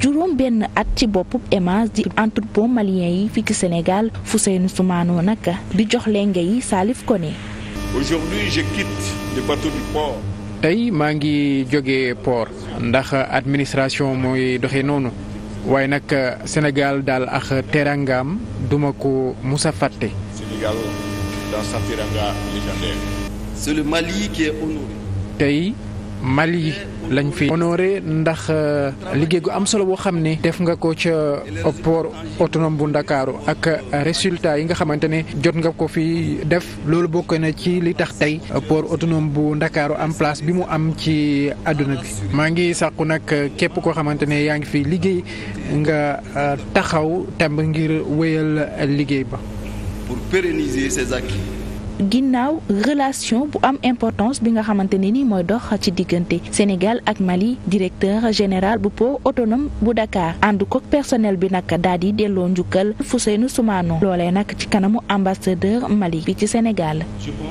juróom benn at ci bopp EMAS di entrepôt malien yi fii ci fu Fouseynou Soumanoo nag di jox lenge yi Salif Koné. Aujourd'hui, tey maa ngi jóge port ndax administration mooy doxe noonu waaye nag Sénégal daal ak terangaam duma ko musa fàtte. tey Mali lañ fi honoré ndax euh, liggéey gu am solo boo xam ni def nga ko ca euh, port autonome bu Ndakaaru ak euh, résultat yi nga xamante ne jot nga ko fi def loolu bokk na ci li tax tey port autonome bu Ndakaaru am place bi mu am ci àdduna bi maa ngi sàkku nag képp koo xamante ne yaa ngi fi liggéey nga taxaw temb ngir wéyal liggéey ba pour pérenniser ginnaaw relation bu am importance bi nga xamante ne ni mooy dox ci diggante Sénégal ak Mali directeur général bu port autonome bu Dakar ànd ko personnel bi nag daal di delloo njukkal Fouseynou Soumano loolee nag ci kanamu ambassadeur Mali bi ci Sénégal.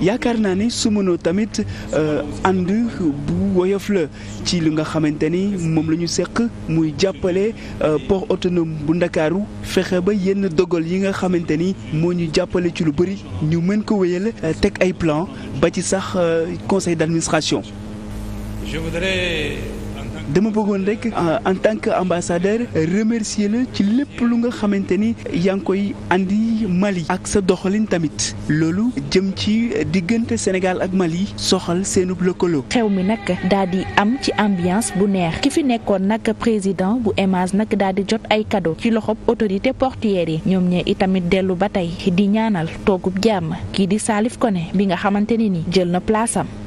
yaakaar naa ne su Soumano tamit euh, ànd bu woyof la ci li nga xamante ni moom la ñu seq muy jàppale euh, port autonome bu Ndakaaru fexe ba yenn dogal yi nga xamante ni moo ñu jàppale ci lu bëri ñu mën ko wéyal Euh, teg ay plan ba ci sax euh, conseil d'administration. Je voudrais dama bëggoon rek euh, en tant que ambassadeur remercier la ci lépp lu nga xamante ni yaa ngi koy andi Mali ak sa doxalin tamit loolu jëm ci diggante Sénégal ak Mali soxal seenub lëkkaloo. xew mi nag daal di am ci ambiance bu neex ki fi nekkoon nag président bu EMAS nag daal di jot ay kado ci loxo autorité portuaire yi ñoom ñee itamit dellu ba tey di ñaanal toogub jàmm kii di saalif ko ne bi nga xamante ne ni jël na place am